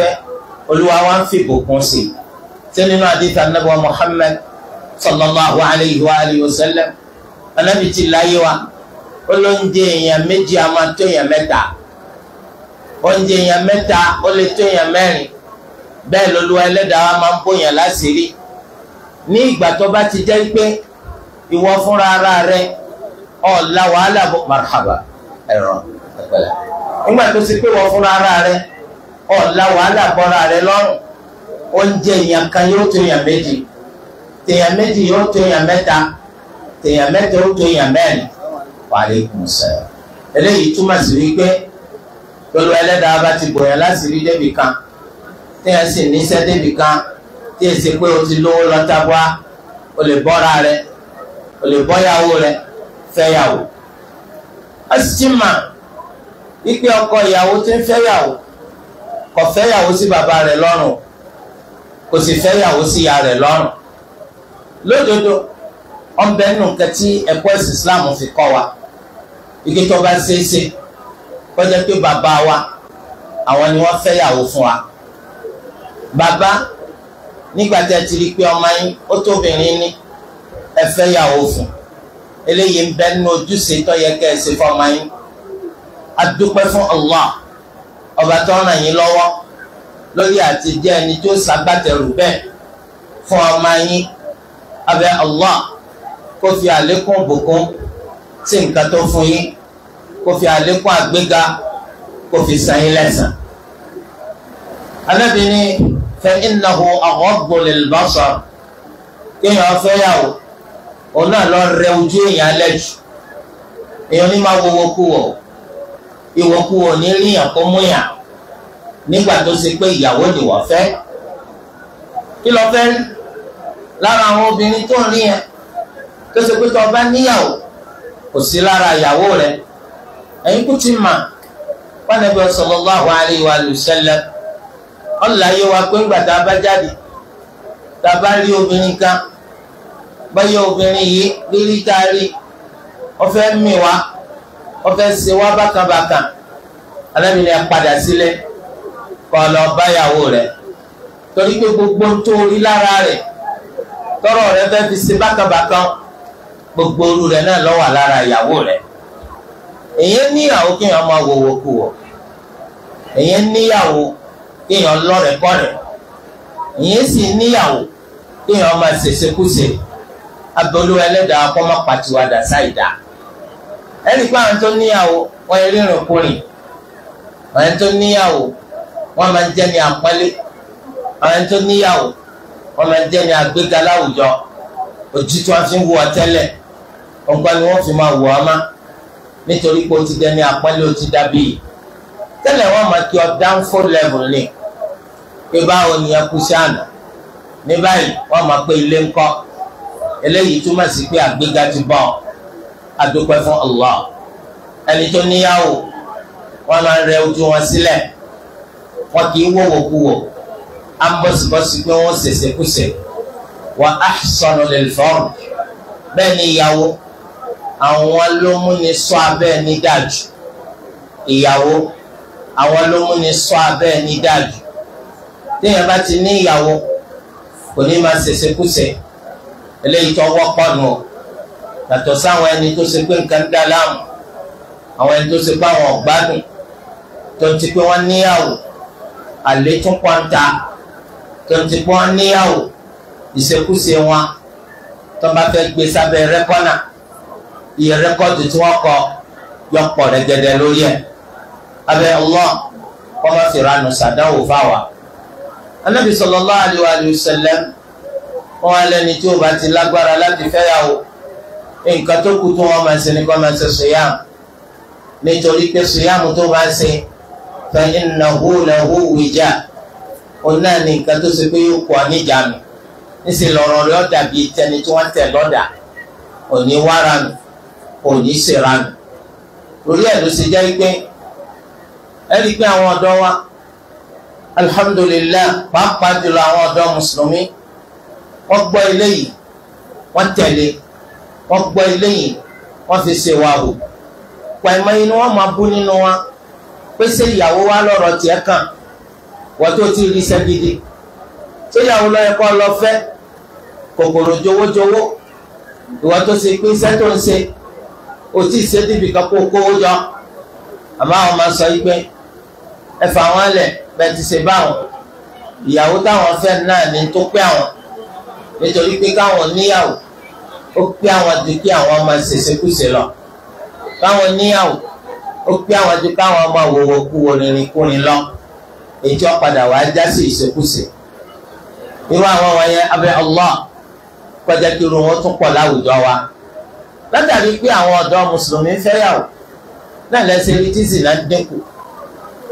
fẹ́ olúwa wa ń fìbò kún sí i ṣé nínú àdìsá nàbọ Muhammad sallallahu alayhi wa alayhi wa sallam anabi ti láyé wa ó ló ń jẹ èèyàn méjì a máa tó èèyàn mẹ́ta ó ń jẹ èèyàn mẹ́ta ó lè tó èèyàn mẹ́rin bẹ́ẹ̀ lolúwa ẹlẹ́dàá wa máa ń bóyàn láṣìírí ní ìgbà tó bá ti jẹ́ pé ìwọ fúnra ara rẹ ọ̀la wàhálà bó marhaba ẹ̀rọ ẹ̀pẹ̀lẹ̀ nígbà tó ti pé ìwọ fúnra ara rẹ ọ̀la wàhálà bọ́ra rẹ lọ́rùn oúnjẹ èèyàn kan yóò tó èèyàn méjì tèèyàn méjì yóò tó èèyàn mẹ́ta tèèyàn mẹ́ta yóò tó èèyàn mẹ́rin wàhálà ìkùn sẹ́yìn eléyìí túmọ̀ sí wípé pẹ̀lú ẹlẹ́dàá bá ti bòyàn láti rí débì kan téèyàn sì níṣẹ́ débì kan tí èsì pé o ti lówó lọ tábúà o lè bọ́ra rẹ o lè bọ́yàwó rẹ fẹ́yàwó a sì ti mà wípé ọkọ ìyàwó ti ń fẹ́yàwó kò fẹ́yàwó sí bàbá rẹ̀ lọ́rùn kò sì fẹ́yàwó sí ìyá rẹ̀ lọ́rùn lódodo ọbẹ̀ nù kẹtí ẹ̀kọ́ ẹ̀sìn Islam fi kọ́ wa ike tó bá ṣe é ṣe kọjá pé bàbá wa àwọn ni wọ́n fẹ́yàwó fún wa bàbá nígbà tí a ti rí i pé ọmọ yín ó tóbìnrin ní ẹ fẹ́yàwó fún eléyìí ń bẹ nínú ojúṣe tó yẹ kẹ́ ẹ ṣe fún ọmọ yín a dúpẹ́ fún Allah ọba tó ń ràn yín lọ́wọ́ lórí àti jẹ́ ẹni tó ṣagbátẹrù bẹ́ẹ̀ fún ọmọ yín abẹ Allah kó fi àlékún bùkún sí nǹkan tó fún yín kó fi àlékún àgbéga kó fi san yín lẹ́san. anábì ní fa innahu aghabbu lil basar kéèyàn fẹ́yàwó òun náà lọ rẹ ojú èèyàn lẹ́jù èèyàn ní máa wo kú wọ̀ ọ́ ìwọ́kú oníríyàn kó múyàn nígbà tó ṣe pé ìyàwó ni wọ́n fẹ́ kí lọ fẹ́ lára àwọn obìnrin tó ń rí yẹn tó ṣe pé tó ọba níyàwó kò sí lára ìyàwó rẹ ẹ̀yin kú ti mà pàdébí sallallahu alaihi wa sallam ọ̀làyé wa pé ńgbà tá a bá jáde tá a bá rí obìnrin kan báyọ̀ obìnrin yìí rírí tá a rí ó fẹ́ wá. ọfẹ́ ṣe wá bákàbákàn alábi padà sílé kọ́ lọ báyàwó torí pé gbogbo ń tó orí lára rẹ̀ tọrọ rẹ̀ fẹ́ fi ṣe bákàbákàn gbogbo orú rẹ̀ náà lọ wà lára ìyàwó rẹ̀ èyí níyàwó kéèyàn máa èyí níyàwó èyí sì níyàwó máa ṣèṣekúṣe kọ́ máa pàtiwádà sáì ẹnì pé àwọn tó níyàwó wọn yẹ rírun kùnrin àwọn tó níyàwó wọn máa ń jẹ́ ní àpọ́nlé àwọn tó níyàwó wọn máa ń jẹ́ ní àgbéga láwùjọ ojú tí wọn fi ń wù ọ ọgbà ni wọn fi máa wù ọ má nítorí pé o ti dẹni àpọ́nlé o ti dàbí tẹ́lẹ̀ wọn máa kí ọ dáńfó level ni pé báwo ni ẹ kú sí àná ní báyìí wọn máa pé ilé ńkọ́ eléyìí túmọ̀ sí pé àgbéga ti bọ̀ ọ́ adúpẹ́ fún Allah ẹni tó níyàwó wọ́n máa ń rẹ ojú wọn sílẹ̀ wọn kì í wọ̀wọ̀ kú wọ̀ á ń bọ́sibọ́sí pé wọ́n ṣẹ̀ṣẹ̀ kúṣẹ̀ wa ahsanu lil farj bẹ́ẹ̀ ni ìyàwó àwọn ló múni sọ abẹ́ ní dájú ìyàwó àwọn ló múni sọ abẹ́ ní dájú téèyàn bá ti ní ìyàwó kò ní máa ṣẹ̀ṣẹ̀ kúṣẹ̀ eléyìí tó wọ́pọ̀ nù ọ́ yàtọ̀ sáwọn ẹni tó ṣe pé nǹkan dá láàmú àwọn ẹni tó ṣe pé àwọn ọ̀gbádùn tó ti pé wọ́n níyàwó àlétún pọ́ńtà tó ti pé wọ́n níyàwó ìṣekúṣe wọn tó bá fẹ́ gbé sábẹ́ rẹ́kọ́nà iye rẹ́kọ́dù tí wọ́n kọ yọ pọ̀ rẹ́gẹ́dẹ́ lórí ẹ̀ abẹ́ Allah wọ́n fi ranù sàdánwò fáwa. anábì sallallahu alaihi wa wọn alẹ́ tí o bá ti lágbára láti fẹ́yàwó nǹkan tó kù tó wọn máa ṣe ni kó máa ṣe siyam nítorí pé siyam tó bá ṣe fa innahu lahu wija òun náà ni nǹkan tó ṣe pé yóò kọ́ níjànú níṣẹ́ lọ́rọ̀ rẹ̀ ọ̀dà bíi tẹni tí wọ́n tẹ̀ lọ́dà òní wára nù òní ṣèrà nù lórí ẹ̀ ló ṣe jẹ́ pé ẹ rí i pé àwọn ọ̀dọ́ wa alhamdulilayi pàápàá jùlọ àwọn ọ̀dọ́ mùsùlùmí wọ́n gbọ́ eléyìí wọ́n tẹ̀lé wọ́n gbọ́ eléyìí wọ́n fi ṣe wa o pàìmọ́ inú wọn máa bú nínú wa pé ṣé ìyàwó wa lọ́rọ̀ tiẹ̀ kàn wọ́n tó ti rí iṣẹ́ gidi ṣé ìyàwó lọ́yẹ kọ́ lọ fẹ́ kòkòrò jowójowó ìwọ́n tó ṣe pé iṣẹ́ tó ń ṣe o tí ì ṣe débi kan kó kówó jọ àmọ́ àwọn máa sọ yìí pé ẹ fà wọ́n lẹ̀ bẹ́ẹ̀ ti ṣe báwọn ìyàwó táwọn fẹ́ náà ní tó pé àwọn nítorí pé káwọn níyàwó ó pé àwọn ju kí àwọn ọmọ ṣèṣekúṣe lọ káwọn níyàwó ó pé àwọn ju káwọn ọmọ wòwò kú orinrin kúrin lọ ètí ọ̀padà wàá já sí ìṣekúṣe irú àwọn wọ̀nyẹn abẹ́ Allah kọjá kí irú wọn tún pọ̀ láwùjọ wa látàrí pé àwọn ọ̀dọ́ mùsùlùmí fẹ́yàwó náà lẹ́sẹ̀ tí dínkù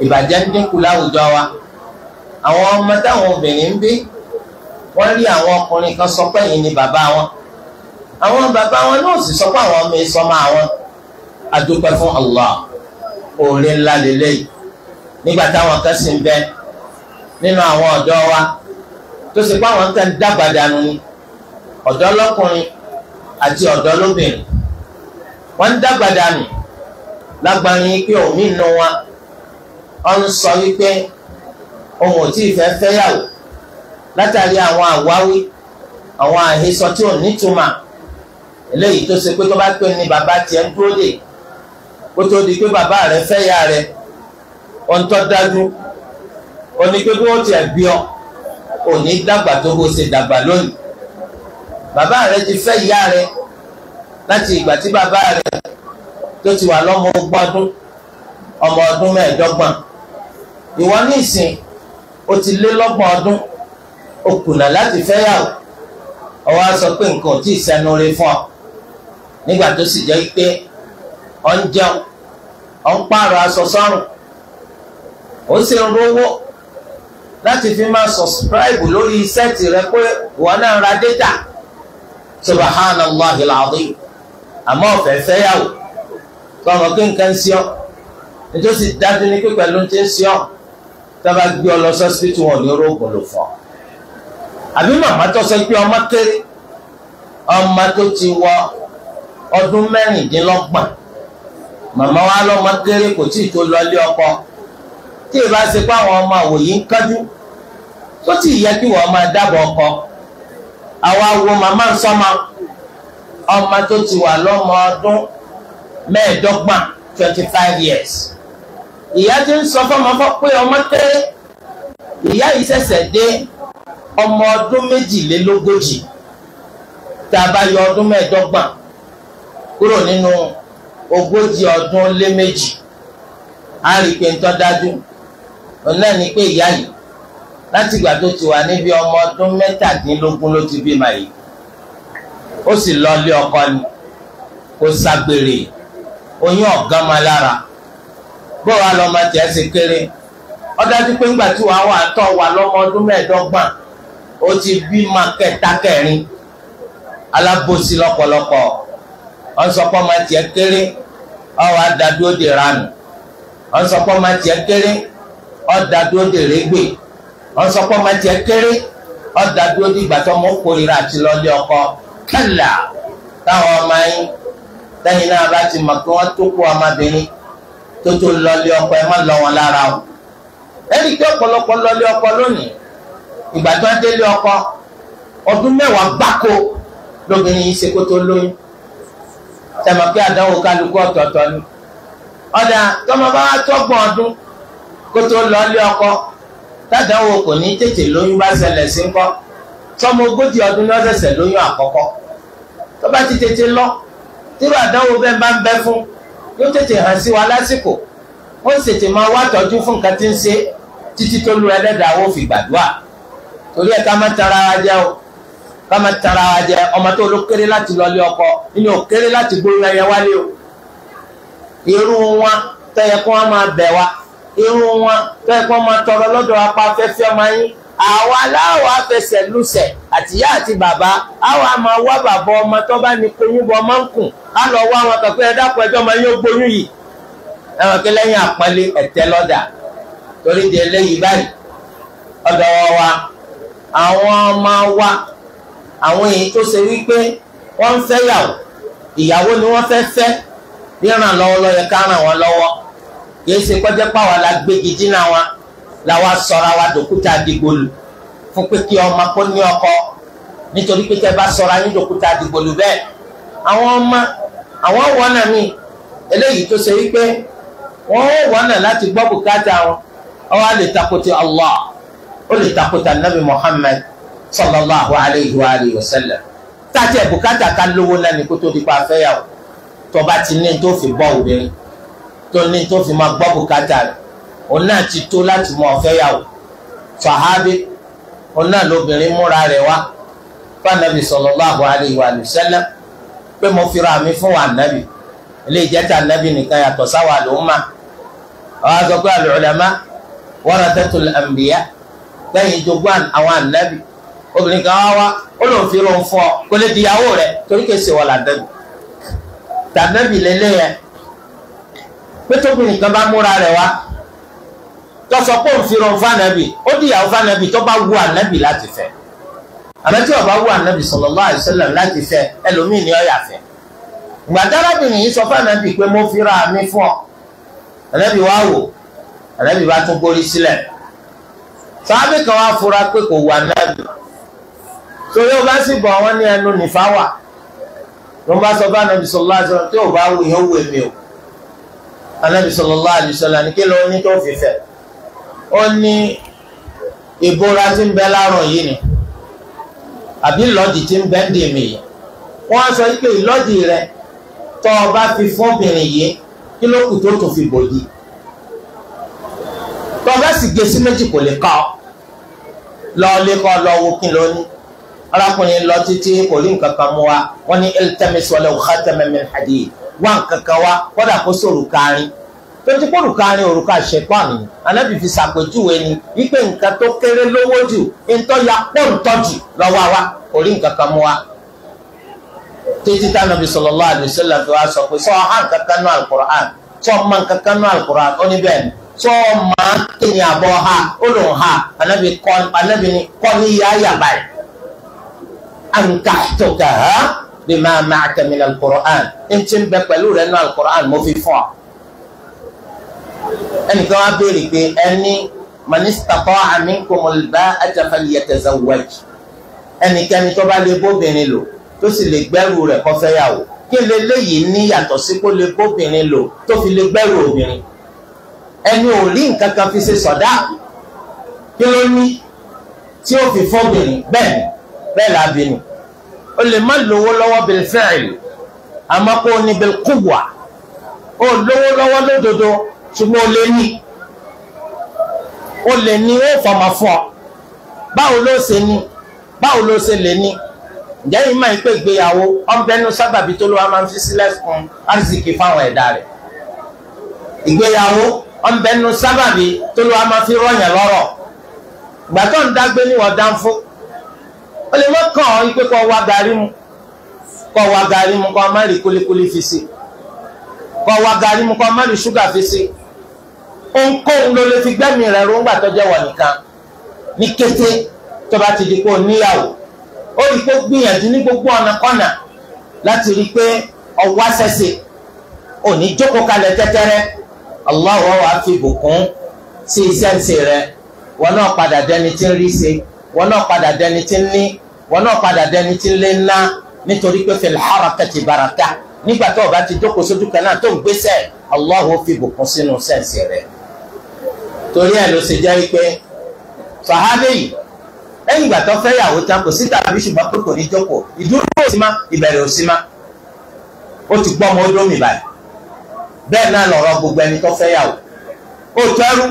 ìbàjẹ́ dínkù láwùjọ wa àwọn ọmọ táwọn obìnrin ń bí wọ́n rí àwọn ọkùnrin kan sọ pé yìí ni àwọn bàbá wọn náà sì sọ pé àwọn ọmọ ìsọmọ àwọn adúpẹ́ fún Allah òòrè ńlá lélẹ́yìí nígbà táwọn kan sì ń bẹ nínú àwọn ọ̀dọ́ wa tó sì pé àwọn kan dábàá dànù ni ọ̀dọ́ lọ́kùnrin àti ọ̀dọ́ lóbìnrin wọ́n ń dábàá dànù lágbàáyé pé òmí nù wa ọ ń sọ wípé ohun ò tí ì fẹ́ fẹ́yàwó látàrí àwọn àwáwí àwọn àhesọ tí ò nítumọ̀ eléyìí tó ṣe pé tó bá pè ní bàbá tiẹ̀ ń dúró dè kó tó di pé bàbá rẹ fẹ́ ya rẹ ohun tó dájú òní pé bí wọ́n tiẹ̀ bí ọ òní dàgbà tó bó ṣe dàgbà lónìí bàbá rẹ ti fẹ́ ya rẹ láti ìgbà tí bàbá rẹ tó ti wà lọ́mọ ogún ọdún ọmọ ọdún mẹ́ẹ̀ẹ́dọ́gbọ̀n ìwọ ní ìsìn o ti lé lọ́gbọ̀n ọdún o kùnà láti fẹ́yàwó ọwọ́ á sọ pé nǹkan ò tí ì sẹ́nu rí fún ọ nígbà tó sì jẹ́ pé ọ̀ ń jẹun ọ̀ ń pààrọ̀ aṣọ sọ́rùn ó sì ń rówó láti fi máa sọ̀sìpíráìbù lórí sẹ́ẹ̀tì rẹ pé ìwọ náà ra data subhanallahi alazim àmọ́ ọ̀fẹ́ fẹ́yàwó tọmọ kí nǹkan sí ọ nítorí sì dájú ní pé pẹ̀lú ti sí ọ tábà gbé ọ lọ sọ́sìpítì wọn ní orógùn ló fọ́ àbí màmá tó pé ọmọ kéré ọmọ tó ti wọ ọdún mẹ́rìndínlọ́gbọ̀n màmá wa lọ́mọ kéré kò tí ì tó lọ ilé ọkọ tí ìbá ṣe pé àwọn ọmọ àwòyí ń kájú tó sì yẹ kí wọ́n máa dábọ̀ ọkọ àwa wo màmá sọ́mọ ọmọ tó ti wà lọ́mọ ọdún mẹ́ẹ̀ẹ́dọ́gbọ̀n twenty five years ìyá ti ń sọ fọmọ fọ pé ọmọ kéré ìyá yìí ṣẹ̀ṣẹ̀ dé ọmọ ọdún méjìlélógójì tá a bá yọ ọdún mẹ́ẹ̀ẹ́dọ́gbọ̀n kúrò nínú ogójì ọdún lé méjì á rí i pé ń dájú òun ni pé ìyá yìí láti ìgbà tó ti wà níbi ọmọ ọdún mẹ́tàdínlógún ló ti bímọ yìí ó sì lọ lé ọkọ ni kò ságbèrè oyún ọ̀gá máa lára lọ lọmọ tẹ̀ ṣe kéré ó dájú pé ńgbà tí wàá wà tọ́ wà lọ́mọ ọdún mẹ́ẹ̀ẹ́dọ́gbọ̀n ó ti bímọ kẹta kẹrin alábòsí lọ́pọ̀lọpọ̀. wọ́n sọ pé ọmọ tiẹ̀ kéré ọwọ́ adadúró de ranù wọ́n sọ pé ọmọ tiẹ̀ kéré ọdadúró de régbè wọ́n sọ pé ọmọ tiẹ̀ kéré ọdadúró de ìgbà tó mọ́ kórìíra àti lọ́lé ọkọ kẹlà táwọn ọmọ yín lẹ́yìn náà bá ti mọ̀ pé wọ́n tó kó ọmọbìnrin tó tó lọ́lé ọkọ ẹ má lọ wọn lára o ẹnì kí ọ̀pọ̀lọpọ̀ lọ́lé ọkọ lónìí ìgbà tó ń délé ọkọ ọdún mẹ́wàá gbáko lóbìnrin yìí ṣe kó tó lóyún tẹmọ pé àdánwò kálukú ọ̀tọ̀ọ̀tọ̀ ni ọ̀dà tọmọ bá wá tọ́gbọ̀n ọdún kó tó lọ lé ọkọ tádánwò kò ní tètè lóyún bá ṣẹlẹ̀ sí ńkọ́ tọmọ ogójì ọdún ní ọ̀sẹ̀sẹ̀ lóyún àkọ́kọ́ tó bá ti tètè lọ tírú àdánwò bẹ́ẹ̀ bá ń bẹ fún yóò tètè hàn sí wa lásìkò ó sì tètè máa wá tọ́jú fún nǹkan tí ń ṣe títí tó lu ẹlẹ́dàá ó fi gbàdúrà torí ẹ̀ ká má tara ara jẹ́ o kama tara wa jẹ ọmọ tó ló kéré láti lọlé ọkọ inú ò kéré láti gbóyún ẹyẹ wálé o irú wọn tẹyẹ kó wọn máa bẹ̀ wá irú wọn tẹyẹ kó wọn máa tọrọ lọ́dọ̀ apá afẹfẹ ọmọ yín àwa aláwọ̀ afẹsẹ̀ lùsẹ̀ àtìyá àti bàbá àwa máa wá bàbá ọmọ tó bá ní koyún bọ ọmọ ń kùn á lọ wá wọn kàn pé ẹ dákun ẹjọ́ máa yóò gbóyún yìí ẹwọn kí lẹ́yìn àpọ́nlé ẹ̀tẹ́ lọ́dà torí di eléyìí báyìí ọ̀dọ̀ wa àwọn ọmọ wa àwọn èyí tó ṣe wípé wọ́n ń fẹ́ yàwó ìyàwó ni wọ́n fẹ́ fẹ́ ríran lọ́wọ́ ló yẹ ká ràn wọ́n lọ́wọ́ kìí ṣe kọjá pàwọ́ la gbégi dínà wọn làwa sọra wa dòkúta fún pé kí ọmọ kó ní ọkọ nítorí pé tẹ bá sọra dòkúta bẹ́ẹ̀ àwọn ọmọ àwọn wọnà mi eléyìí tó ṣe wípé wọnà láti gbọ́ bùkátà wọn wá lè Allah ó lè Muhammad. sallallahu alayhi wa alayhi wa sallam tàti ẹ̀bùkátà ká lówó náà ní kó tó di pa afẹ́yàwó tó bá ti ní tó fi bọ́ obìnrin tó ní tó fi máa gbọ́ bùkátà rẹ̀ òun náà ti tó láti mọ ọ̀fẹ́yàwó fàhábí òun náà lóbìnrin múra rẹ̀ wá fànàbì sallallahu alayhi wa alayhi wa sallam pé mo fira mi fún wa nàbì ilé ìjẹta nàbì nìkan yàtọ̀ sáwà ló ń mà àwọn àzọgbé al-ulama warathatul anbiya lẹ́yìn ìjọgbọ́n àwọn ànàbì obìnrin kan wá wá ó lòun fi rún fún ọ kó lè di ìyàwó rẹ torí kò sì wọ làdẹ́bì tàdẹ́bì lélẹ́yẹ pé tóbìnrin kan bá múra rẹ wá tọ́sọ pé òun fi rún fànẹ́bì ó di ìyàwó fànẹ́bì tó bá wù ànẹ́bì láti fẹ́ àmọ́ tí ó bá wù ànẹ́bì sallallahu alaihi wasallam láti fẹ́ ẹlòmíì ni ó yà fẹ́ gbàdárábìnrin yìí sọ fànẹ́bì pé mo fi ra mi fún ọ ànẹ́bì wá wò ànẹ́bì bá tún gbórí sílẹ̀ sábẹ́ kan wá fura pé kò wù ànẹ́bì torí ó bá sì bọ̀ wọ́n ní ẹnu nìfà wà ló bá sọ bá anabi sọlá àti sọlá tí ò bá wù yóò wù èmi o anabi sọlá àti sọlá ní kí ló ní tó fi fẹ́ ó ní ìbora tí ń bẹ láàrùn yìí ni àbí ìlọ́dì tí ń bẹ ń dèmí yìí wọ́n sọ pé ìlọ́dì rẹ tó o bá fi fún yìí kí ló kù tó tó fi bòdì tó o bá sì gé sí méjì kò lè kọ́ lọ́ọ́ lé kọ́ lọ́ọ́ wo kí ló ní arákùnrin lọ títí kò rí nǹkan kan mú wa wọ́n ní iltamis walaw khataman min hadid wá nǹkan kan wá kódà kó sòrò kárin tonti kóòrù kárin òrùka ṣẹpọnì anábì fi ṣàpèjúwe ni wípé nǹkan tó kéré lówó jù ntọ́ ya pọ́ǹtọ́jù lọ́wọ́ wa kò rí nǹkan kan mú wa títí tá nàbì sallallahu alaihi wasallam fi wá sọ pé sọ ọhán kankan náà alukur'an sọ ọmọ kankan náà alukur'an ó ní bẹ́ẹ̀ ni sọ ọmọ kéèyàn àbọ̀ ha ó lòun ha anábì kọ́ ni yá yà báyìí ankahtukaha bima ma'aka min al-Qur'an ń ti bẹ pẹ̀lú rẹ̀ nínú al-Qur'an mo fi fún ọ. ẹnìkan wá béèrè pé ẹni man istata'a minkum al-ba'ata falyatazawwaj ẹnikẹ́ni tó bá lè bóbìnrin lò tó sì lè gbẹ́rù rẹ̀ kó fẹ́yàwó kí leléyìí ní yàtọ̀ sí kó lè bóbìnrin lò tó fi lè gbẹ́rù obìnrin ẹni ò rí nǹkan fi ṣe sọ̀dá kí ló ní tí fi fọ́bìnrin bẹ́ẹ̀ ni bẹ́ẹ̀ lábẹ́ nù o lè má lówó lọ́wọ́ bil fi'l àmọ́ kó o ní bil quwwa o lówó lọ́wọ́ lódodo ṣùgbọ́n o lè ní o lè ní o fọmọ fún ọ báwo ló ṣe ní báwo ló ṣe lè ní ǹjẹ́ yìí máa ń pè gbéyàwó ọ̀nbẹ́nu sábàbí tó ló wá máa ń fi sílẹ̀ fún arzikì fáwọn ẹ̀dá rẹ̀ ìgbéyàwó ọ̀nbẹ́nu sábàbí tó ló wá máa fi rọ̀yàn lọ́rọ̀ ìgbà ń dágbé níwọ̀n dánfó ó lè má kàn ọ́ pé kọ́ wá gàrí mu kọ́ wá gàrí mu kọ́ má rí kólékólé fi sí kọ́ wá gàrí mu kọ́ má rí ṣúgà fi sí ohunkóhun ló lè fi gbẹ́mí rẹ̀ róńgbà tó jẹ́ wọ̀ nìkan ní kété tó bá ti di pé o níyàwó ó rí pé gbìyànjú ní gbogbo ọ̀nà kọ́nà láti rí pé ọwọ́ sẹ́sẹ̀ òní jókòó kalẹ̀ tẹ́tẹ́rẹ́ Allahu wàá fi bùkún sí iṣẹ́ ń wọn náà padà dẹni tí ń rí ṣe wọn náà padà dẹni tí ń ní wọn náà padà dẹni tí ń lé ná nítorí pé fil harakati baraka nígbà tó o bá ti jókòó sójú kan náà tó ń gbéṣẹ́ Allahu fi bùkún sínú sẹ́ǹsì rẹ̀ torí ẹ̀ ló ṣe jẹ́ pé sàhábẹ́ yìí lẹ́yìn ìgbà tó fẹ́ yàwó tán kò sí tàbí ṣùgbọ́n pé kò ní jókòó ìdúró ò sí má ìbẹ̀rẹ̀ ò sí má ó ti gbọ́ ọdún mi báyìí bẹ́ẹ̀ náà lọ̀rọ̀ gbogbo ẹni tó fẹ́ yàwó ó tẹ́rù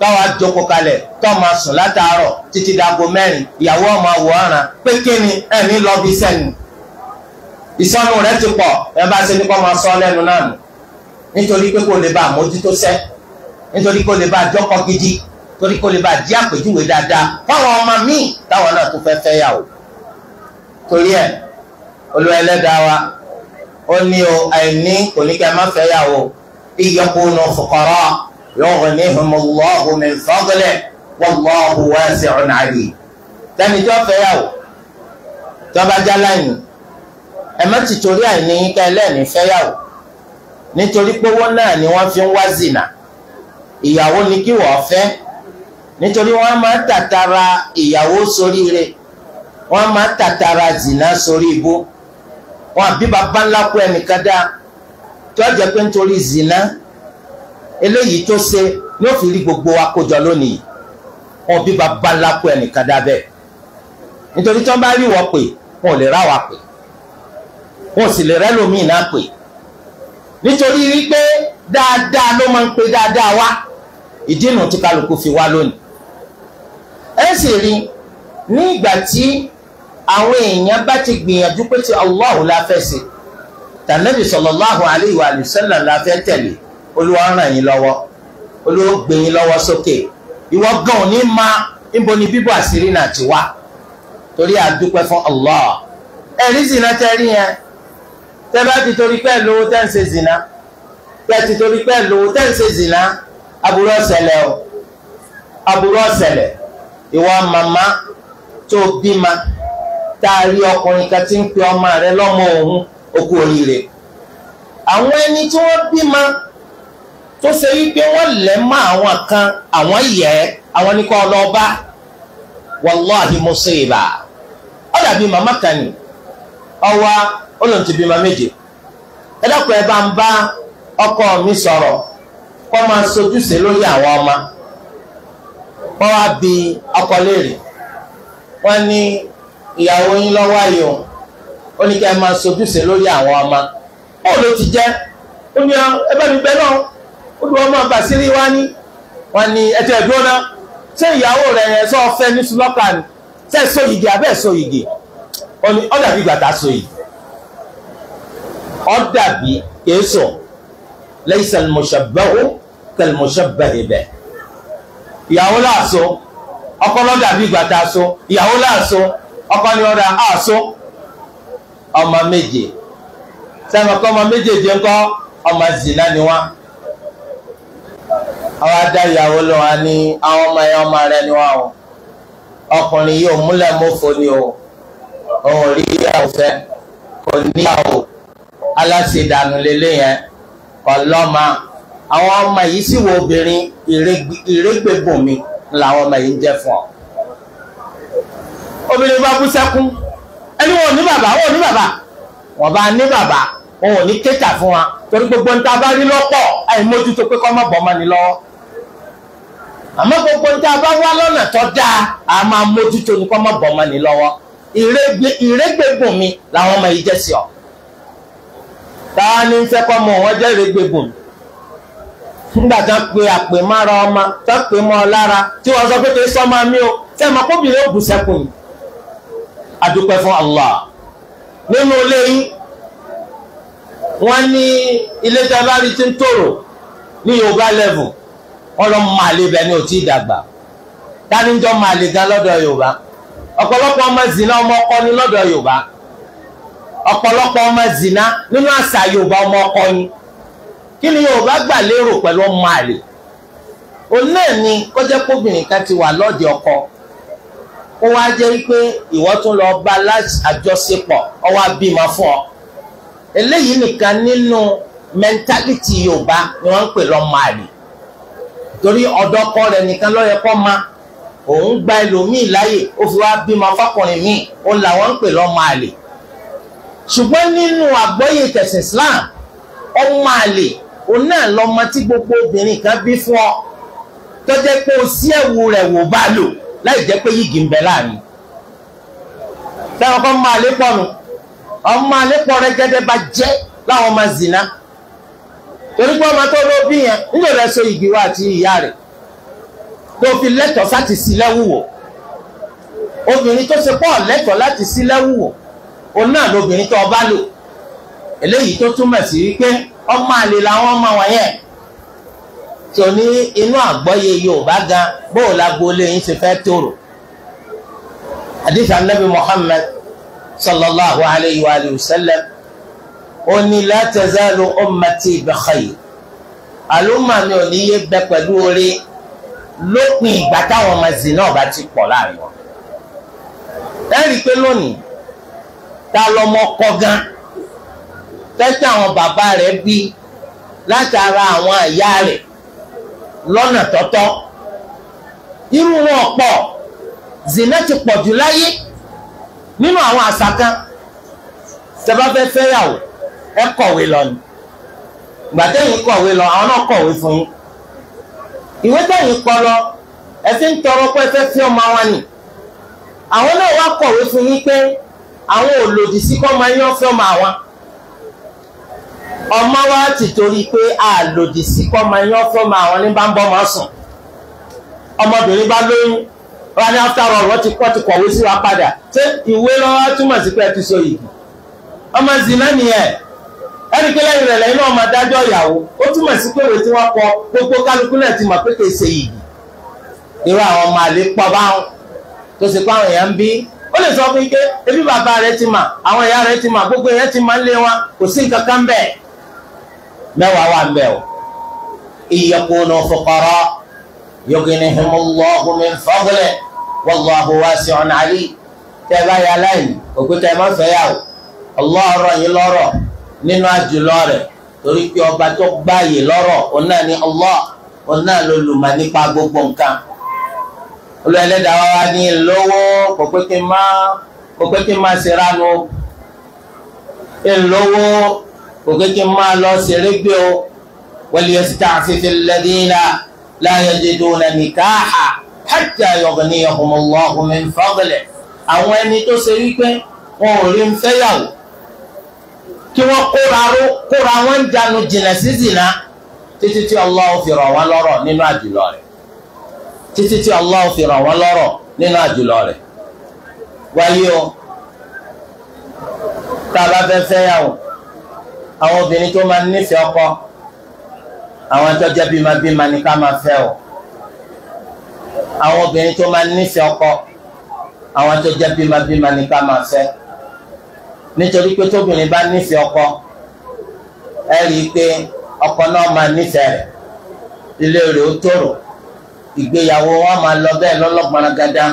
táwa joko kalẹ̀ tó máa sùn látàárọ̀ títí dago mẹ́rin ìyàwó ọmọ wò ọ̀ràn pé kí ni ẹ̀mí lọ bí sẹ́nu ìsọnù rẹ ti pọ̀ ẹ bá ṣe ní kó máa sọ lẹ́nu náà nù nítorí pé kò lè bá àmójútó sẹ́ nítorí kò lè bá àjọkọ gidi torí kò lè bá àjí àpèjúwe dáadáa fáwọn ọmọ míì táwọn náà tó fẹ́ fẹ́ yà o torí ẹ̀ Olúwa ẹlẹ́dàá wa ó ní o àìní kò ní kẹ́ má fẹ́ yà o iyakunu fuqara yughnihim الله من فضله والله واسع alim lẹ́ni tó fẹ́ yà wò tó bá já láìní ẹ má ti torí àìní yín ká ẹlẹ́ni fẹ́ yà wò nítorí pé owó náà ni wọ́n fi ń wá zìnà ìyàwó ni kí wọ́n fẹ́ nítorí wọ́n máa tàtàrà ìyàwó soríire wọ́n máa tàtàrà zìnà sórí ibú wọn àbí bàbá ńlá kú pé nítorí zìnà eléyìí tó ṣe ló fi rí gbogbo akójọ lónìí wọn bí bàbá ńlá kó ẹnìkan dábẹ́ nítorí tí wọ́n bá rí wọ́n pè wọn ò lè rá wa pè wọn ò sì lè rẹ́lòmíì náà pè nítorí wípé dáadáa ló máa ń pe dáadáa wá ìdí tí kálukú fi wá lónìí ẹ sì rí ní ìgbà tí àwọn èèyàn bá ti gbìyànjú pé ti Allahu la fẹ́ ṣe tànàbì sallallahu alayhi wa sallam la fẹ́ tẹ̀lé olúwa ràn yín lọ́wọ́ olúwa gbé yín lọ́wọ́ sókè ìwọ gan ò ní ma níbo ni bíbò àṣírí náà ti wá torí àdúpẹ́ fún Allah ẹ̀rí zina tẹ́ rí yẹn tẹ́ bá ti torí pẹ́ lówó tẹ́ ń ṣe zina tẹ́ ti torí pẹ́ lówó tẹ́ ń ṣe zina aburú ọ̀sẹ̀lẹ̀ o aburú ọ̀sẹ̀lẹ̀ ìwọ màmá tó tá a tó ṣe wípé wọ́n lẹ̀ mọ́ àwọn kan àwọn yẹ àwọn nìkan ọlọ́ọ̀bá wàláhi mùsíbà ó dàbí màmá kan ní ọwọ́ méje ẹ bá ń bá ọkọ mi sọ̀rọ̀ kó máa sojúṣe lórí àwọn ọmọ wá bi ọkọ léèrè wọ́n ní ìyàwó yín lọ́wọ́ ayé o ó ní kí ẹ máa sojúṣe lórí àwọn ọmọ ó ló ti jẹ́ olùwọ́n máa bà sírí wá ní wọ́n ní ẹ̀jẹ̀ gbóná ṣé ìyàwó rẹ̀ yẹn sọ fẹ́ ní sùlọ́kà ni ṣe é sóyìgì abẹ́ sóyìgì ó dàbí gbàtà sóyìgì ó dàbí kéésọ̀ laysa al-mushabbahu kal-mushabbahi bihi ìyàwó láàṣọ ọkọ ló dàbí gbàtà so ìyàwó láàṣọ ọkọ ni ọ̀dà àṣọ ọmọ méje sẹ́wọ̀n kọ́ ọmọ méje jẹ́ ńkọ́ ọmọ zìlá ni wọ́n àwọn adá ìyàwó lọ wa ní àwọn ọmọ ẹ̀yà ọmọ rẹ ni wọn o ọkùnrin yìí ò múlẹ̀ mọ́fọ́ ni o òun rí ìyàwó fẹ́ kò níyàwó aláṣẹdànù lélẹ̀ yẹn kò lọ́mọ àwọn ọmọ yìí sì wo obìnrin ìrégbèbùnmi làwọn ọmọ yìí ń jẹ́ fún ọ. obìnrin bá kú sẹ́kún ẹni wọn ò ní bàbá wọn ò ní bàbá wọn bá ní bàbá wọn ò ní kéta fún wa. torí gbogbo ń ta bá rí lọ́pọ̀ àìmójútó pé kọ́ mọ̀ bọ́ lọ́wọ́ àmọ́ gbogbo ta bá wá lọ́nà tó dáa a máa mójútó ni kọ́ mọ̀ bọ́ lọ́wọ́ mi làwọn ọmọ yìí jẹ́ sí ọ táwa ní ń mọ wọn jẹ́ nígbà tó ó bù fún Allah nínú wọ́n ní ilé tẹ́ bá rí ti ń tòrò ní yorùbá level wọ́n lọ máa lè bẹ ní òtí ìdàgbà táníjọ́ máa lè gan lọ́dọ̀ yorùbá ọ̀pọ̀lọpọ̀ ọmọ zina ọmọ ọkọ ni lọ́dọ̀ yorùbá ọ̀pọ̀lọpọ̀ ọmọ zina nínú àṣà yorùbá ọmọ ọkọ ni kí ni yorùbá gbà lérò pẹ̀lú ọmọ àlè òun náà ni kọjá kóbìnrin kan ti wà lọ́ọ̀dì ọkọ ó wá jẹ́ pé ìwọ tún lọ bá àjọṣepọ̀ eléyìí nìkan nínú mẹ́ńtálítì Yorùbá ni wọ́n ń pè lọ́mọ àlè torí ọ̀dọ́kọ rẹ̀ nìkan lọ́yẹ kọ́ ma òun gba ẹlòmíì láyè ó fi wá bímọ fọkùnrin míì ó làwọn ń pè lọ́mọ àlè ṣùgbọ́n nínú àgbọ́yé tẹ̀sìn Islam ọmọ àlè òun náà lọ́mọ tí gbogbo obìnrin kan bí fún ọ tó jẹ́ pé o sí ẹ̀wù rẹ̀ wò bá lò láì jẹ́ pé yìgì ń bẹ láàrin táwọn kan máa lé pọ̀nù ọmọ alẹ́pọ̀ rẹ bá jẹ láwọn ọmọ zina torí pé ọmọ tó ló bí yẹn so igi wa àti ìyá rẹ tó fi láti sí obìnrin tó ṣe láti sí òun náà tó ọba lò eléyìí tó túmọ̀ sí wípé ọmọ àlè làwọn ọmọ ní inú àgbọ́yé Yorùbá gan gbolé yín sallallahu alayhi wa sallam ó ní la tazalu ummati bi khayr àlùmọ̀ mi ò ní yé bẹ pẹ̀lú orí lópin ìgbà táwọn ọmọ ẹ̀sìn náà bá ti pọ̀ láàrin wọn. ẹ rí i pé lónìí ta lọmọ kọ gan tẹ́tí àwọn bàbá rẹ̀ bí látara àwọn àyá rẹ̀ lọ́nà tọ́tọ́ irú wọn pọ̀ zina ti pọ̀ jù láyé nínú àwọn àṣà kan tẹ́bá fẹ́ fẹ́yàwó ẹ kọ̀wé lọ ni ìgbà kọ̀wé lọ àwọn náà kọ̀wé fún ìwé tẹ́yìn kọ lọ ẹ ń tọrọ pé fi ọmọ wa nì àwọn náà wá kọ̀wé fún yín pé àwọn ò lòdì wa ti torí a lòdì sí kọ́ máa yán ọmọ ní bá ń bọ́ wọ́n ní after all wọ́n ti kọ́ ti kọ̀wé sí wa padà ṣé ìwé lọ́wọ́ túmọ̀ sí pé ẹ ti sọ yìí ọmọ zina nìyẹn ẹni pé lẹ́yìn rẹ̀ lẹ́yìn náà máa dájọ́ ìyàwó ó túmọ̀ sí pé òwe tí wọ́n kọ gbogbo kálukú náà ti mọ̀ pé kò ṣe yìí irú àwọn ọmọ àlè pọ̀ tó àwọn èèyàn ń bí ó lè sọ fún ike ebi bàbá rẹ ti mà àwọn ìyá rẹ ti mà gbogbo èèyàn ti máa ń lé wọn kò sí يغنهم الله من فضله والله واسع عليم tẹ bá ya láìní òkú tẹ má fẹ́ yàwó Allah rọ̀ yín lọ́rọ̀ nínú àjùlọ rẹ̀ torí pé ọba tó gbáàyè lọ́rọ̀ òun náà ni Allah òun náà ló lùmọ̀ nípa gbogbo nǹkan olú ẹlẹ́dàá wa ní lówó kò pé kí n má kò pé kí n má seranu ìlówó kò pé kí n má lọ seré gbé o wal yasta'fif alladhina la yajiduna nikaha hatta yughniyahumullahu min fadlihi àwọn ẹni tó ṣe wípé wọn ò rí ń fẹ́yàwó kí wọ́n kóra wọn jánu jìnà sí zìnà títí tí Allah fi rọ̀ wọ́n lọ́rọ̀ nínú àjùlọ rẹ̀ títí tí Allah fi rọ̀ wọ́n lọ́rọ̀ nínú àjùlọ rẹ̀ wáyé o tá a bá fẹ́ fẹ́yàwó àwọn obìnrin tó máa nífẹ̀ẹ́ ọkọ àwọn tó jẹ́ bímabíma ni ká máa fẹ́ o àwọn obìnrin tó máa nífẹ̀ẹ́ ọkọ àwọn tó jẹ́ bímabíma ni ká máa fẹ́ nítorí pé tóbìnrin bá nífẹ̀ẹ́ ọkọ ẹ rí pé ọkọ náà máa nífẹ̀ẹ́ rẹ̀ ilé ó tòrò ìgbéyàwó wọn máa lọ bẹ́ẹ̀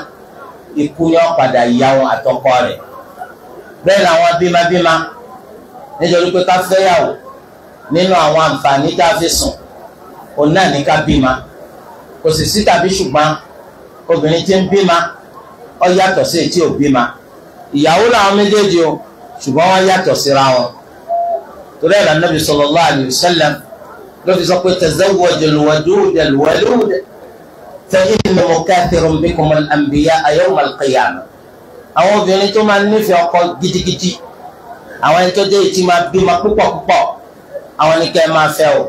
ikú yọ padà ìyàwó àtọkọ bẹ́ẹ̀ bímabíma nítorí nínú àwọn àǹfààní tá a fi sùn òun náà ní ká bímọ kò sì sí tàbí ṣùgbọ́n obìnrin tí ń bímọ ọ yàtọ̀ sí etí ò bímọ ìyàwó làwọn méjèèjì o ṣùgbọ́n wọ́n yàtọ̀ síra wọn torí ẹ̀rọ Nabi sallallahu alayhi wa sallam ló fi sọ pé tazawwaju al-wadud al-walud fa inni mukathirun bikum al-anbiya yawm al-qiyamah àwọn obìnrin tó máa nífẹ̀ẹ́ ọkọ gidigidi àwọn ẹni tó dé ìtì máa bímọ púpọ̀ púpọ̀ àwọn ní kẹ́ máa fẹ́ o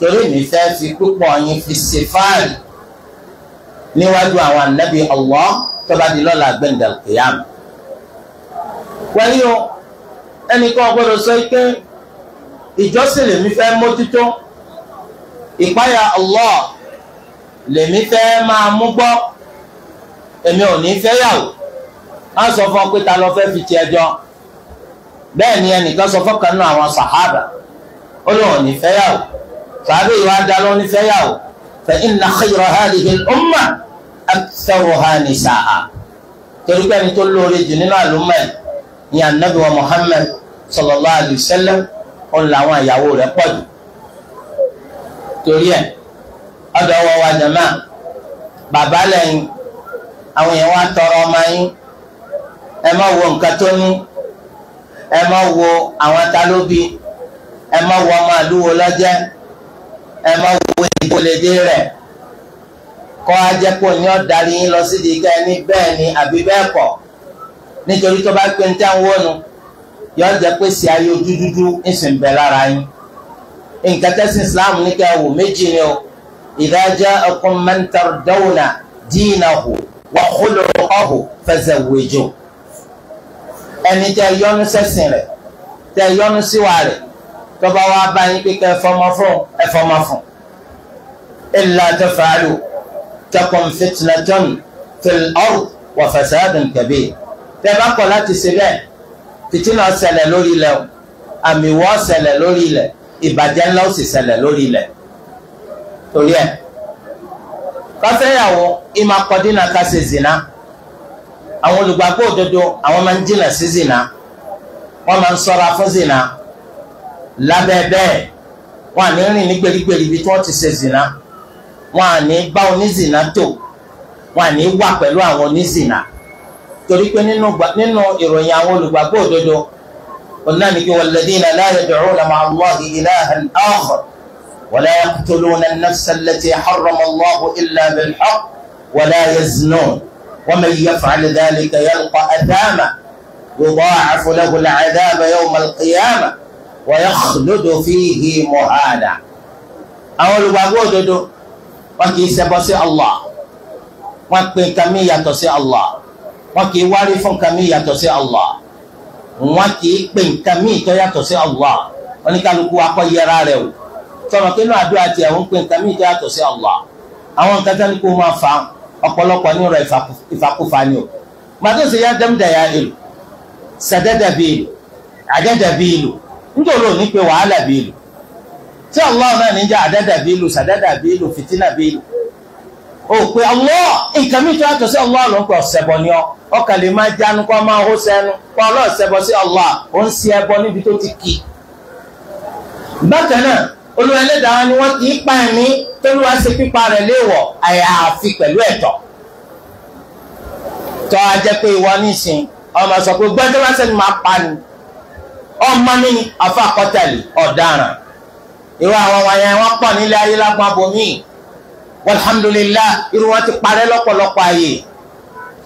torí mi fẹ́ fi púpọ̀ yín fi ṣe fáàlì níwájú àwọn ànábì Allah tó bá di lọ́la gbẹ̀ndẹ̀l kìyàm. wáyé o ẹnìkan gbọ́dọ̀ sọ pé ìjọsìn lèmi fẹ́ mójútó ìpáyà Allah lèmi fẹ́ máa mú gbọ́ èmi ò ní fẹ́ yàwó á sọ fún ọ pé ta ló fẹ́ fi tiẹ̀ jọ bẹ́ẹ̀ ni ẹnìkan sọ fún kan àwọn sàhábà ó lóun ní fẹ́yàwó sàbẹ̀ ìwà dá lóun ní fẹ́yàwó fa inna khayra hadhihi al-umma aktharuha nisaa torí pé ẹni tó lóore jù nínú àlùmọ́ ẹ̀ ní anabi wa Muhammad sallallahu alayhi wa sallam òun làwọn ìyàwó rẹ̀ pọ̀ jù torí ẹ̀ ọ̀dọ̀ wọ wa jama bàbá lẹ́yìn àwọn èèyàn wa tọrọ ọmọ yín ẹ má wo nǹkan tó ní ẹ má wo àwọn ta ló bí ẹ má wọ ọmọ àlúwo lọ́jẹ́ ẹ má wo ìbò lédè rẹ̀ kọ́ ajẹ́ pé òun yóò darí yín lọ sí ìdíkà ẹni bẹ́ẹ̀ ni àbí bẹ́ẹ̀ kọ́ nítorí tó bá pé ń tẹ́ ń wónu jẹ́ pé sí ayé ojú dúdú ń sì ń bẹ lára yín nǹkan tẹ́sí Islam ní ká wò méjì ni o idha ja'akum man tardawna dinahu wa khuluqahu fazawwijuhu ẹni tẹ́ yọ́nú sẹ́sìn rẹ̀ tẹ́ yọ́nú síwá rẹ̀ tọ́ba wa bá yín pé kẹ́ fọmọ fún ẹ fọmọ fún illa taf'alu takun fitnatun fil ard wa fasadun kabir tẹ bá kọ̀ láti ṣe bẹ́ẹ̀ fìtínà ṣẹlẹ̀ lórí ilẹ̀ o àmì wọ́ ṣẹlẹ̀ lórí ilẹ̀ ìbàjẹ́ ńlá ó sì ṣẹlẹ̀ lórí ilẹ̀ torí ẹ̀ káfẹ́yàwó ìmà ká ṣe zina àwọn olùgbàgbọ́ òdodo àwọn máa ń jìnà sí zina wọ́n máa ń ṣọ́ra fún zina lábẹ́ bẹ́ẹ̀ wọn à ní rìn ní gbèrígbèrí ibi tí wọ́n ti ṣe zìnà wọn à ní bá onízìnà tò wọn à ní wà pẹ̀lú àwọn onízìnà torí pé nínú ìròyìn àwọn olùgbàgbọ́ òdodo قلنا لك والذين لا يدعون مع الله إلها آخر ولا يقتلون النفس التي حرم الله إلا بالحق ولا يزنون ومن يفعل ذلك يلقى أثاما يضاعف له العذاب يوم القيامة wa yakhludu fihi muhada àwọn olùgbàgbọ́ òdodo wọn kì í ṣẹbọ sí Allah wọn pe nǹkan mi yàtọ̀ sí Allah wọn kì í wárí fún nǹkan mi yàtọ̀ sí Allah wọn kì í pe nǹkan tó yàtọ̀ sí Allah oníkálukú akọ yẹra rẹ o tọrọ kí inú àdúrà tiẹ̀ wọn pe nǹkan tó yàtọ̀ sí Allah àwọn nǹkan ní kó máa fa ọ̀pọ̀lọpọ̀ ní ọ̀rọ̀ ìfàkúfà ni o màdùn yá dẹ́mdẹ̀ yá èlò sàdẹ́dẹ̀ bí èlò àdẹ́dẹ̀ bí èlò nítorí òní pé wàhálà bíi lò tí Allah náà níjà àdádà bíi lò sàdádà bíi lò fìtínà bíi lò ó pe Allah nǹkan mi tó yàtọ̀ sí Allah ló ń pè ọ̀sẹ̀bọ̀ ni ọ ọkàn lè máa jánu kó máa hó sẹ́nu kó ọlọ́ọ̀sẹ̀bọ̀ sí Allah ó ń sí ẹbọ níbi tó ti kì í. bákan náà olúwa ẹlẹ́dàá ni wọ́n kì í pa ẹ̀mí tólúwa ṣe pípa rẹ̀ léèwọ̀ àyàfi pẹ̀lú ẹ̀tọ́ tọ́ a pé ìwọ nísìn ọmọ sọ pé gbọ́dọ̀ wá sẹ́ni máa pa ni ọmọ ní afákọ́tẹ̀lì ọ̀daràn irú àwọn wọ̀nyẹn wọ́n pọ̀ nílé ayé lápá bomi walhamdulillah irú wọn ti parẹ́ lọ́pọ̀lọpọ̀ ayé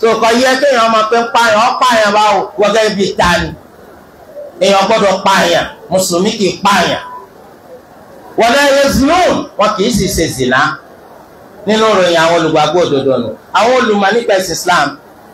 tó kọ yẹ kéèyàn ọmọ pé ń pààyàn ọ́ pààyàn báwo wọ́gẹ́ ibi ta ni èèyàn gbọ́dọ̀ pààyàn mùsùlùmí kì í pààyàn wọ́n náà yẹ zulun wọn kì í sì ṣe zìnà nínú ìròyìn àwọn olùgbàgbọ́ òdodo nù àwọn olùmọ̀ nípa ẹ̀sìn Islam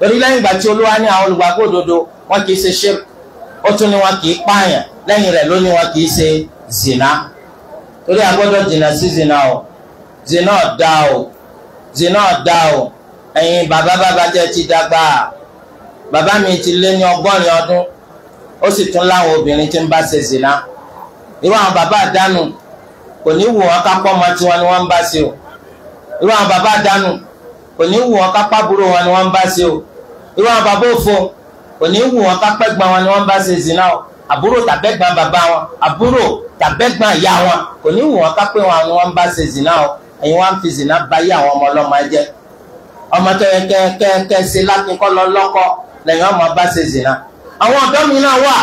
torí lẹ́yìn ìgbà tí olúwa ní àwọn olùgbàgbọ́ wọn kì í ṣe ṣírk ó tún wọn kì í pààyàn lẹ́yìn rẹ̀ wọn kì í zina torí a zina sí zina o zina o zina ọ̀dà o ẹ̀yin bàbá bàbá jẹ́ ti dàgbà bàbá mi ti lé ní ọgọ́rin ọdún ó sì tún láwọn obìnrin ti ń bá ṣe zina irú àwọn bàbá àdánù kò ní wù wọn ọmọ tiwọn ni wọ́n ń bá o irú àwọn bàbá àdánù kò ní wù wọn kápá burú wọn ni wọ́n bá ṣe o irú àwọn bàbá òfo kò ní wù wọn kápá gbà wọn ni wọ́n bá ṣe zina o àbúrò tàbẹ́gbọ́n bàbá wọn àbúrò tàbẹ́gbọ́n ìyá wọn kò wù wọn kápẹ́ wọn ni wọ́n bá ṣe zina o ẹ̀yin wọn fi zina ba yé àwọn ọmọ ọlọ́mọ jẹ́ ọmọ tó yẹ kẹ́kẹ́kẹ́ ṣe láti lọ lọ́kọ́ lẹ́yìn ọmọ bá ṣe zina àwọn ọ̀dọ́ mi náà wà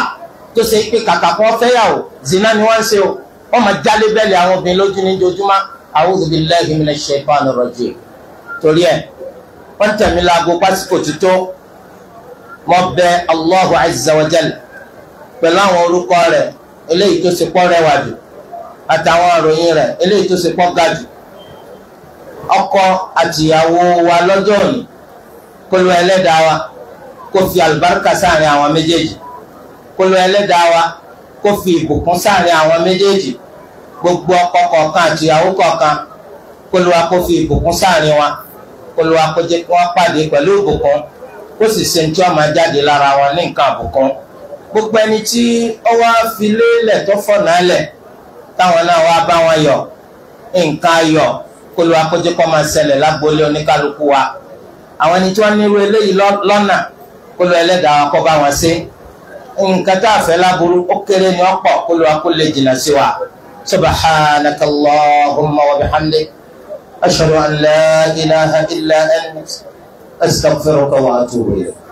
tó ṣe pé kàkà kan fẹ́yàwó zina ni wọ́n ṣe o wọ́n máa jálé bẹ́ẹ̀lì àwọn obìnrin lójú ní ojoojúmọ́ a'udhu billahi minash shaitanir rajim torí ẹ̀ wọ́n tẹ̀mí laago pásítọ̀ títọ́ mọ́ bẹ àwọn orúkọ rẹ̀ eléyìí tó ṣe rẹwà jù àtàwọn àròyìn rẹ̀ eléyìí tó ṣe ga jù ọkọ àtìyàwó olùwà kó jẹ́ kí wọ́n pàdé pẹ̀lú ìbùkún kó sì ṣe ní tí wọ́n máa jáde lára wọn ní nǹkan àbùkún gbogbo ẹni tí ọwọ́ fi lélẹ̀ tó fọ̀nà lẹ̀ táwọn náà wá bá wọn yọ̀ nǹkan ayọ̀ kó olùwà kó jẹ́ kó máa ṣẹlẹ̀ lágboolé oníkálukú wa àwọn ẹni tí wọ́n nírú eléyìí lọ́nà kó lọ ẹlẹ́dàá kó bá wọn ṣe nǹkan tá a fẹ́ láburú ó kéré ni ọ̀pọ̀ kó lọ akó jìnnà sí wa subhanakallahumma wa bihamdik. أشهد أن لا إله إلا أنت أستغفرك وأتوب إليك